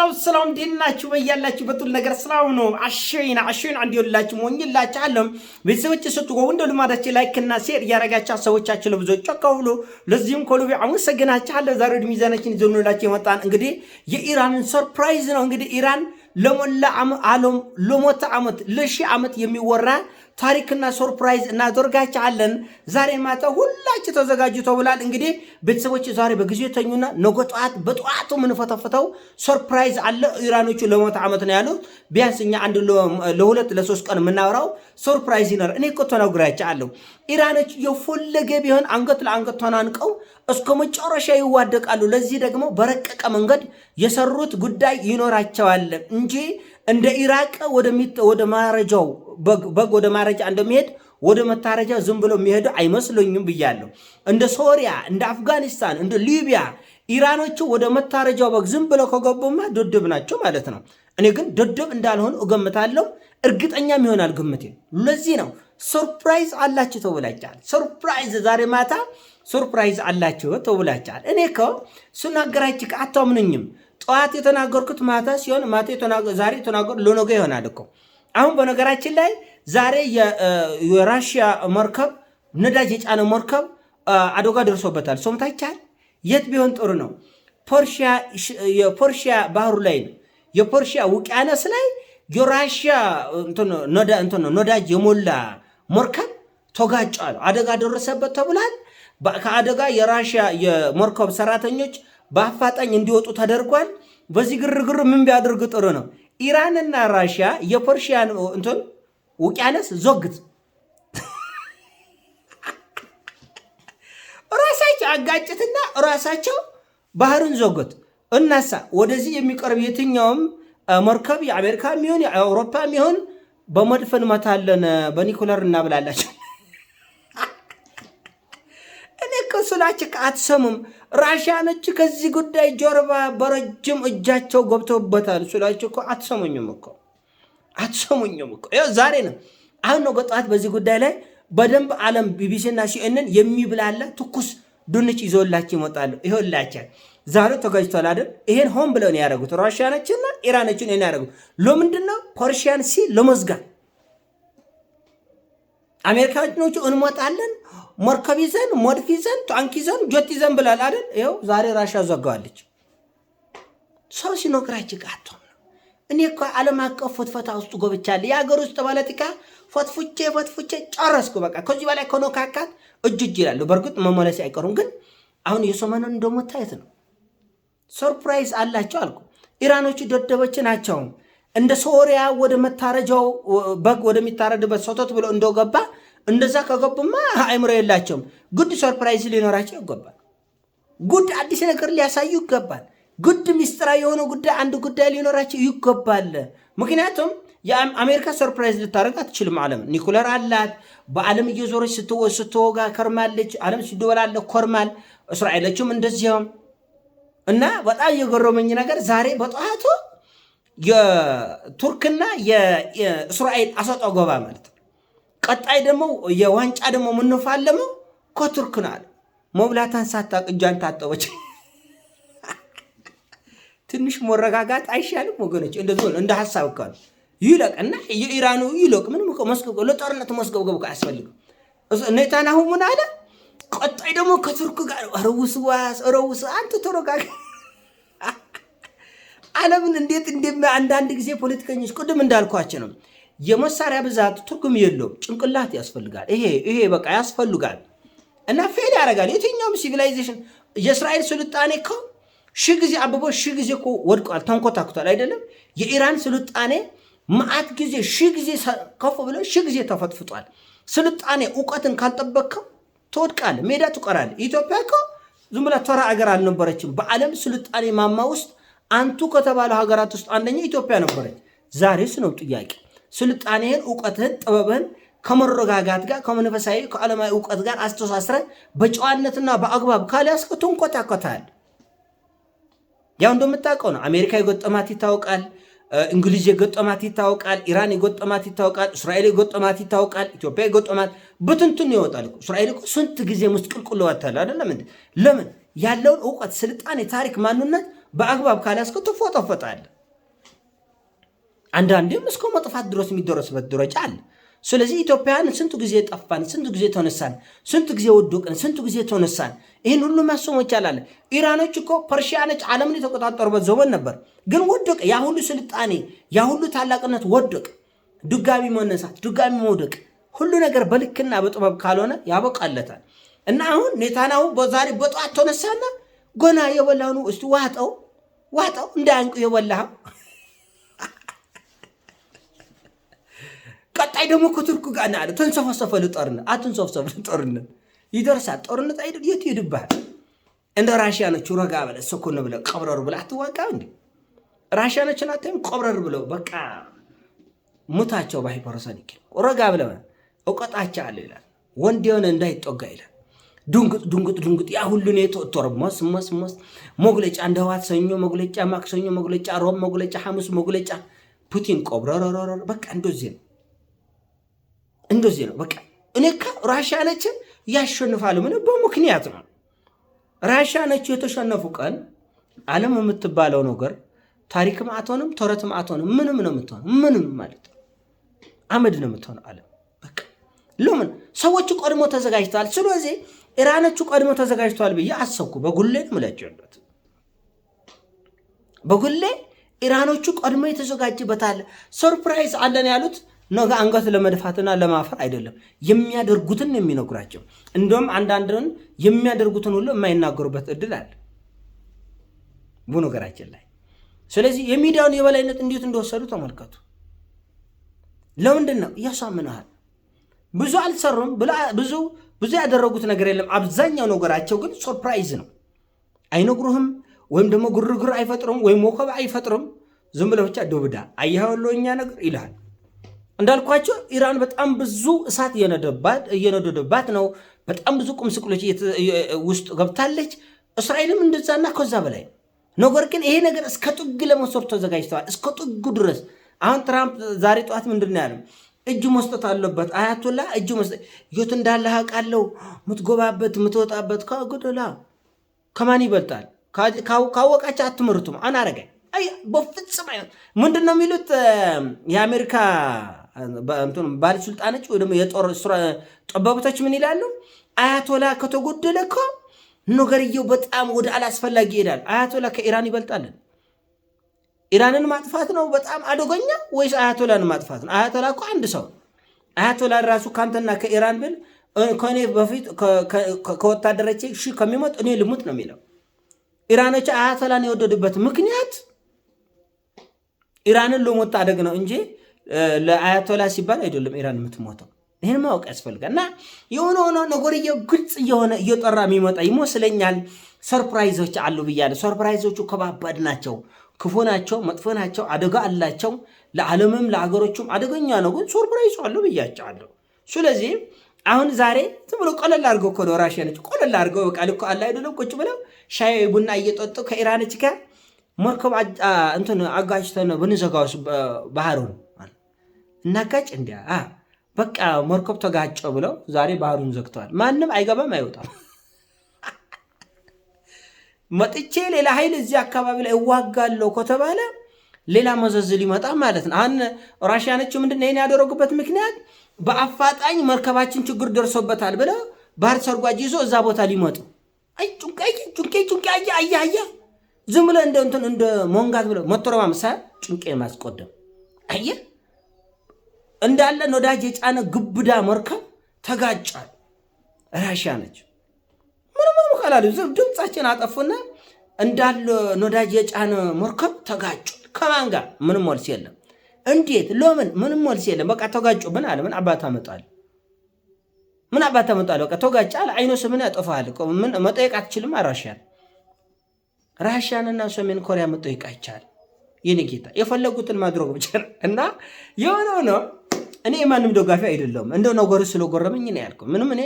ሰላም ሰላም፣ እንዴት ናችሁ? በያላችሁበት ሁሉ ነገር ሰላም ነው። አሸይና አሸይን አንድ ይወላችሁ ሞኝላችሁ አለም ቤተሰቦች ሰጡ እንደ ልማዳችሁ ላይክ እና ሼር እያረጋችሁ ሰዎቻችሁ ለብዙዎች ጨቀውሉ ለዚህም ኮሉቢ አመሰግናችኋለሁ። ዛሬ ወደ ሚዛናችን ይዘንላችሁ የመጣን እንግዲህ የኢራንን ሰርፕራይዝ ነው። እንግዲህ ኢራን ለሞላ ዓለም ለሞተ ዓመት ለሺህ ዓመት የሚወራ ታሪክና ሶርፕራይዝ እናደርጋችኋለን። ዛሬ ማታ ሁላችሁ ተዘጋጁ ተብሏል። እንግዲህ ቤተሰቦች ዛሬ በጊዜ ተኙና ነገ ጠዋት በጠዋቱ የምንፈተፍተው ሶርፕራይዝ አለ። ኢራኖቹ ለሞት ዓመት ነው ያሉት። ቢያንስ እኛ አንድ ለሁለት ለሶስት ቀን የምናወራው ሶርፕራይዝ ይኖራል። እኔ እኮ ተናግሬያችኋለሁ። ኢራኖች የፈለገ ቢሆን አንገት ለአንገት ተናንቀው እስከ መጨረሻ ይዋደቃሉ። ለዚህ ደግሞ በረቀቀ መንገድ የሰሩት ጉዳይ ይኖራቸዋል እንጂ እንደ ኢራቅ ወደ ማረጃው በግ ወደ ማረጃ እንደሚሄድ ወደ መታረጃ ዝም ብሎ የሚሄዱ አይመስለኝም ብያለሁ። እንደ ሶሪያ፣ እንደ አፍጋኒስታን፣ እንደ ሊቢያ ኢራኖቹ ወደ መታረጃው በግ ዝም ብለው ከገቡማ ደደብ ናቸው ማለት ነው። እኔ ግን ደደብ እንዳልሆኑ እገምታለሁ። እርግጠኛም ይሆናል ግምቴ። ለዚህ ነው ሰርፕራይዝ አላቸው ተብላችኋል። ሰርፕራይዝ ዛሬ ማታ ሰርፕራይዝ አላቸው ተብላችኋል። እኔ ከው ስናገራችሁ አታምኑኝም። ጠዋት የተናገርኩት ማታ ሲሆን ማታ ዛሬ የተናገሩ ለነገ ይሆናል እኮ። አሁን በነገራችን ላይ ዛሬ የራሽያ መርከብ ነዳጅ የጫነ መርከብ አደጋ ደርሶበታል። ሰምታችኋል? የት ቢሆን ጥሩ ነው? የፖርሺያ ባህሩ ላይ ነው። የፖርሺያ ውቅያነስ ላይ የራሽያ ነዳጅ የሞላ መርከብ ተጋጭቷል፣ አደጋ ደረሰበት ተብሏል። ከአደጋ የራሽያ የመርከብ ሰራተኞች በአፋጣኝ እንዲወጡ ተደርጓል። በዚህ ግርግር ምን ቢያደርግ ጥሩ ነው? ኢራንና ራሽያ የፐርሺያን እንትን ውቅያነስ ዞግት ራሳቸው አጋጭትና ራሳቸው ባህርን ዞግት እናሳ ወደዚህ የሚቀርብ የትኛውም መርከብ የአሜሪካ የሚሆን የአውሮፓ የሚሆን በመድፈን መታለን፣ በኒኩለር እናብላላቸው። ስላችሁ አትሰሙም። ራሽያኖች ከዚህ ጉዳይ ጀርባ በረጅም እጃቸው ገብተውበታል ስላች እኮ አትሰሙኝም እኮ አትሰሙኝም እኮ ይኸው ዛሬ ነው። አሁን ነው ጠዋት በዚህ ጉዳይ ላይ በደንብ ዓለም ቢቢሲና ሲኤንን የሚብላለ ትኩስ ድንች ይዞላቸው ይመጣሉ። ይኸውላችሁ ዛሬ ተጋጅቷል አይደል? ይሄን ሆን ብለው ነው ያደረጉት ራሽያኖችና ኢራኖችን ነው ያደረጉት ለምንድን ነው? ፐርሺያን ሲ ለመዝጋት አሜሪካኖቹ እንሞጣለን መርከብ ይዘን መድፍ ይዘን ታንክ ይዘን ጆት ይዘን ብላል አይደል? ይኸው ዛሬ ራሻ ዘጋዋለች። ሰው ሲኖግራች ጋቶ እኔ እኮ ዓለም አቀፍ ፉትፈታ ውስጥ ጎብቻለ። የሀገር ውስጥ ፖለቲካ ፎትፉቼ ፎትፉቼ ጨረስኩ። በቃ ከዚህ በላይ ከኖካካት እጅ እጅ ይላሉ። በእርግጥ መመለስ አይቀሩም። ግን አሁን የሰሞኑን እንደሞታየት ነው። ሰርፕራይዝ አላቸው አልኩ። ኢራኖቹ ደደቦች ናቸው። እንደ ሶሪያ ወደ መታረጃው በግ ወደሚታረድበት ሰቶት ብሎ እንደገባ እንደዛ ከገቡማ አእምሮ የላቸውም። ጉድ ሰርፕራይዝ ሊኖራቸው ይገባል። ጉድ አዲስ ነገር ሊያሳዩ ይገባል። ጉድ ሚስጥራ የሆነ ጉዳይ አንድ ጉዳይ ሊኖራቸው ይገባል። ምክንያቱም የአሜሪካ ሰርፕራይዝ ልታደርግ አትችልም። ዓለም ኒኩለር አላት። በዓለም እየዞረች ስትወጋ ከርማለች። ዓለም ሲደበላለ ኮርማል። እስራኤሎችም እንደዚያውም እና በጣም የገረመኝ ነገር ዛሬ በጠዋቱ የቱርክና የእስራኤል አሰጦ ገባ ማለት ቀጣይ ደግሞ የዋንጫ ደግሞ የምንፋለመው ከቱርክ ነው አለ። መብላታን ሳታቅ እጇን ታጠበች። ትንሽ መረጋጋት አይሻልም ወገኖች? እንደዚ እንደ ሀሳብ ካሉ እና የኢራኑ ይለቅ ምንም መስገብገብ ለጦርነት መስገብገብ አያስፈልግም። ኔታንያሁ ምን አለ? ቀጣይ ደግሞ ከቱርክ ጋር ረውስ ዋስ ረውስ አንተ ተረጋጋ። ዓለምን እንዴት እንደ አንዳንድ ጊዜ ፖለቲከኞች ቅድም እንዳልኳቸው ነው የመሳሪያ ብዛት ትርጉም የለውም። ጭንቅላት ያስፈልጋል። ይሄ ይሄ በቃ ያስፈልጋል እና ፌል ያደርጋል። የትኛውም ሲቪላይዜሽን የእስራኤል ስልጣኔ እኮ ሺ ጊዜ አብቦ ሺ ጊዜ እኮ ወድቋል፣ ተንኮታኩቷል አይደለም። የኢራን ስልጣኔ መዓት ጊዜ ሺ ጊዜ ከፍ ብሎ ሺ ጊዜ ተፈጥፍጧል። ስልጣኔ እውቀትን ካልጠበቅከው ትወድቃለህ፣ ሜዳ ትቀራለህ። ኢትዮጵያ እኮ ዝም ብላ ተራ አገር አልነበረችም። በዓለም ስልጣኔ ማማ ውስጥ አንቱ ከተባለው ሀገራት ውስጥ አንደኛ ኢትዮጵያ ነበረች። ዛሬስ ነው ጥያቄ ስልጣኔህን፣ እውቀትህን፣ ጥበብህን ከመረጋጋት ጋር ከመንፈሳዊ ከዓለማዊ እውቀት ጋር አስተሳስረ በጨዋነትና በአግባብ ካልያዝክ ትንኮታኮታል። ያው እንደምታውቀው ነው። አሜሪካ የጎጠማት ይታወቃል። እንግሊዝ የገጠማት ይታወቃል። ኢራን የጎጠማት ይታወቃል። እስራኤል የጎጠማት ይታወቃል። ኢትዮጵያ የጎጠማት ብትንትን ይወጣል። እስራኤል ስንት ጊዜ ውስጥ ቅልቁል ወጥታል አይደለም? ለምን ያለውን እውቀት፣ ስልጣኔ፣ ታሪክ፣ ማንነት በአግባብ ካልያዝክ ትፎጠፈጣል። አንዳንዴም እስከ መጥፋት ድረስ የሚደረስበት ደረጃ አለ። ስለዚህ ኢትዮጵያውያን ስንቱ ጊዜ ጠፋን፣ ስንቱ ጊዜ ተነሳን፣ ስንቱ ጊዜ ወደቅን፣ ስንቱ ጊዜ ተነሳን። ይህን ሁሉ ማስሞ ይቻላል። ኢራኖች እኮ ፐርሺያኖች ዓለምን የተቆጣጠሩበት ዘመን ነበር፣ ግን ወደቅ። ያ ሁሉ ስልጣኔ፣ ያ ሁሉ ታላቅነት ወደቅ። ድጋሚ መነሳት፣ ድጋሚ መውደቅ፣ ሁሉ ነገር በልክና በጥበብ ካልሆነ ያበቃለታል። እና አሁን ኔታንያሁ በዛሬ በጠዋት ተነሳና ጎና የበላኑ እስቲ ዋጠው ዋጠው እንዳያንቁ የበላኸው ቀጣይ ደግሞ ከቱርክ ጋር ናለ ተንሰፈሰፈ ጦርነት አትንሰፍሰፍ ጦርነት ይደርሳል። ጦርነት አይደል የት ይሄድብሃል? እንደ ራሽያ ነች ረጋ በለ ሰኮን ብለ ቀብረር ብለ አትዋቃ እንዲ ራሽያ ነች ናተም ቀብረር ብለው በቃ ሙታቸው በሃይፐርሶኒክ ረጋ ብለ እውቀጣቻ አለ ይላል። ወንድ የሆነ እንዳይጦጋ ይላል። ድንግጥ ድንግጥ ድንግጥ ያ ሁሉ ነው የተወጠረ። ሞስ ሞስ ሞስ መግለጫ እንደዋት ሰኞ መግለጫ፣ ማክሰኞ መግለጫ፣ ሮም መግለጫ፣ ሐሙስ መግለጫ፣ ፑቲን ቆብረረረረ በቃ እንደዚህ ነው። እንደዚህ ነው። በቃ እኔ እኮ ራሻ ነች ያሸንፋሉ። ምን በምክንያት ነው ራሻ ነች የተሸነፉ ቀን ዓለም የምትባለው ነገር ታሪክም አትሆንም፣ ተረትም አትሆንም። ምንም ነው የምትሆነው። ምንም ማለት አመድ ነው የምትሆነው ዓለም በቃ ለምን ሰዎቹ ቀድሞ ተዘጋጅተዋል። ስለዚህ ኢራኖቹ ቀድሞ ተዘጋጅተዋል ብዬ አሰብኩ። በጉሌ ምላጭበት በጉሌ ኢራኖቹ ቀድሞ የተዘጋጅበታል ሰርፕራይዝ አለን ያሉት ነገ አንገት ለመድፋትና ለማፈር አይደለም። የሚያደርጉትን የሚነግራቸው እንደውም አንዳንድን የሚያደርጉትን ሁሉ የማይናገሩበት እድል አለ በነገራችን ላይ። ስለዚህ የሚዲያውን የበላይነት እንዴት እንደወሰዱ ተመልከቱ። ለምንድን ነው ያሳምንሃል? ብዙ አልሰሩም፣ ብዙ ብዙ ያደረጉት ነገር የለም። አብዛኛው ነገራቸው ግን ሶርፕራይዝ ነው። አይነግሩህም፣ ወይም ደግሞ ግርግር አይፈጥሩም፣ ወይም ወከብ አይፈጥሩም። ዝም ብለህ ብቻ ዱብዳ አየኸው እኛ ነገር ይልሃል። እንዳልኳቸው ኢራን በጣም ብዙ እሳት እየነደደባት ነው። በጣም ብዙ ቁም ስቅሎች ውስጥ ገብታለች። እስራኤልም እንደዛና ከዛ በላይ ነገር ግን ይሄ ነገር እስከ ጥግ ለመሶር ተዘጋጅተዋል። እስከ ጥጉ ድረስ አሁን ትራምፕ ዛሬ ጠዋት ምንድን ነው ያለው? እጅ መስጠት አለበት አያቶላ እጅ መስጠት የት እንዳለ አውቃለሁ። ምትጎባበት ምትወጣበት ከጎደላ ከማን ይበልጣል? ካወቃቸው አትምህርቱም አናረገ በፍጽም አይነት ምንድን ነው የሚሉት የአሜሪካ ባለስልጣኖች ወይ ደግሞ የጦር ጠበብቶች ምን ይላሉ? አያቶላ ከተጎደለ እኮ ነገርየው በጣም ወደ አላስፈላጊ ይሄዳል። አያቶላ ከኢራን ይበልጣለን። ኢራንን ማጥፋት ነው በጣም አደገኛ ወይስ አያቶላን ማጥፋት ነው? አያቶላ እኮ አንድ ሰው አያቶላ ራሱ ከአንተና ከኢራን ብል ከእኔ በፊት ከወታደሮቼ ሺ ከሚሞት እኔ ልሙት ነው የሚለው። ኢራኖች አያቶላን የወደዱበት ምክንያት ኢራንን ለሞት አደግ ነው እንጂ ለአያቶላ ሲባል አይደለም ኢራን የምትሞተው። ይህን ማወቅ ያስፈልጋል። እና የሆነ ሆነ ነገርየው ግልጽ እየሆነ እየጠራ የሚመጣ ይመስለኛል። ሰርፕራይዞች አሉ ብያለሁ። ሰርፕራይዞቹ ከባባድ ናቸው፣ ክፉ ናቸው፣ መጥፎ ናቸው፣ አደጋ አላቸው። ለዓለምም ለአገሮቹም አደገኛ ነው። ግን ሰርፕራይዙ አሉ ብያቸዋለሁ። ስለዚህ አሁን ዛሬ ዝም ብሎ ቀለል አድርገው እኮ ነው ራሽያኖች ቀለል አድርገው በቃ ልኮ አለ አይደለም ቁጭ ብለው ሻይ ቡና እየጠጡ ከኢራኖች ጋር መርከብ እንትን አጋጭተን ብንዘጋውስ ባህሩ ነው እናጋጭ እንዲያ በቃ መርከብ ተጋጨው ብለው ዛሬ ባህሩን ዘግተዋል። ማንም አይገባም አይወጣም። መጥቼ ሌላ ኃይል እዚህ አካባቢ ላይ እዋጋለሁ ከተባለ ሌላ መዘዝ ሊመጣ ማለት ነው። አሁን ራሽያኖች ምንድን ይህን ያደረጉበት ምክንያት በአፋጣኝ መርከባችን ችግር ደርሶበታል ብለው ባህር ሰርጓጅ ይዞ እዛ ቦታ ሊመጡ ጩንቄ ጩንቄ አያ አያ አያ ዝም ብለ እንደ እንትን እንደ ሞንጋት ብለ መተረማምሳ ጩንቄ ማስቆደም አየ እንዳለ ነዳጅ የጫነ ግብዳ መርከብ ተጋጫል። ራሽያ ነች። ምንም ምንም ካላሉ ድምፃችን አጠፉና እንዳለ ነዳጅ የጫነ መርከብ ተጋጩል። ከማን ጋር? ምንም መልስ የለም። እንዴት? ለምን? ምንም መልስ የለም። በቃ ተጋጩ። ምን አለ? ምን አባት አመጣል? ምን አባት አመጣል? በቃ ተጋጫል። አይኖ ስምን ያጠፋል። ምን መጠየቅ አትችልም። ራሽያን ራሽያንና ሰሜን ኮሪያ መጠየቅ አይቻል። ይህን ጌታ የፈለጉትን ማድረግ ብቻ እና የሆነው ነው እኔ የማንም ደጋፊ አይደለሁም። እንደው ነገሩ ስለጎረመኝ ነው ያልኩ። ምንም እኔ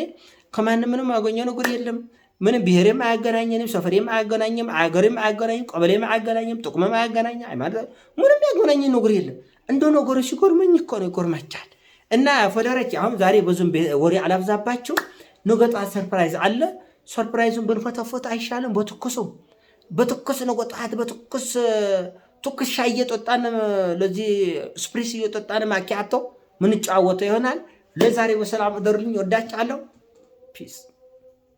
ከማንም ምንም አገኘው ነገር የለም። ምንም ብሔሬም አያገናኘንም፣ ሰፈሬም አያገናኝም፣ አገሬም አያገናኝም፣ ቀበሌም አያገናኝም፣ ጥቁመም አያገናኝ፣ ምንም ያገናኘ ነገር የለም። እንደው ነገሩ ሲጎርመኝ እኮ ነው ይጎርማቻል። እና ፈደረች አሁን ዛሬ ብዙም ወሬ አላብዛባቸው። ነገ ጠዋት ሰርፕራይዝ አለ። ሰርፕራይዙን ብንፈተፎት አይሻልም? በትኩሱ በትኩስ ነገ ጠዋት በትኩስ ትኩስ ሻይ እየጠጣን ለዚህ ስፕሪስ እየጠጣን ማኪያቶ ምንጫወተው ይሆናል። ለዛሬ በሰላም እደሩልኝ። ወዳችኋለሁ። ፒስ